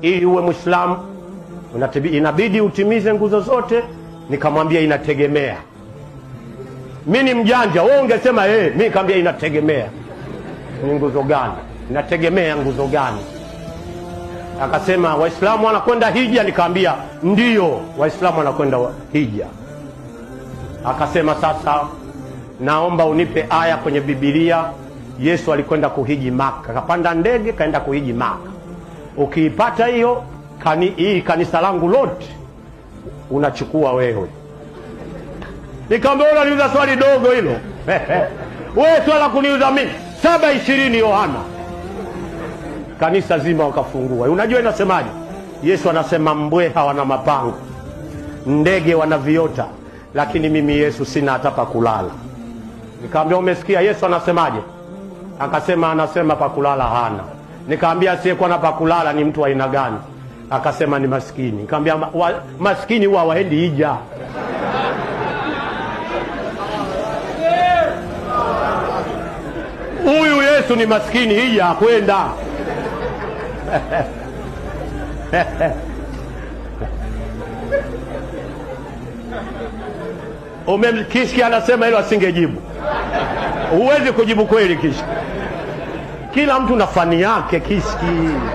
ili uwe Mwislamu inabidi utimize nguzo zote. Nikamwambia inategemea. Mi ni mjanja, wewe ungesema hey. Eh, mi nikamwambia inategemea ni nguzo gani, inategemea nguzo gani. Akasema Waislamu wanakwenda hija, nikamwambia ndio Waislamu wanakwenda hija. Akasema sasa, naomba unipe aya kwenye Bibilia Yesu alikwenda kuhiji Maka, akapanda ndege kaenda kuhiji Maka. Ukiipata hiyo kani, hii kanisa langu lote unachukua wewe. Nikamwambia wewe unaniuza swali dogo hilo wewe swala kuniuza mimi saba ishirini Yohana, kanisa zima wakafungua. Unajua inasemaje? Yesu anasema mbweha wana mapango, ndege wana viota, lakini mimi Yesu sina hata pa kulala. Nikamwambia umesikia Yesu anasemaje? Akasema anasema pa kulala hana Nikaambia asiyekuwa na pakulala ni mtu wa aina gani? Akasema ni maskini. Nikaambia maskini huwa waendi hija. Huyu Yesu ni maskini, hija akwenda. Umemkishki anasema hilo asingejibu. Huwezi kujibu kweli kishki. Kila mtu na fani yake kiski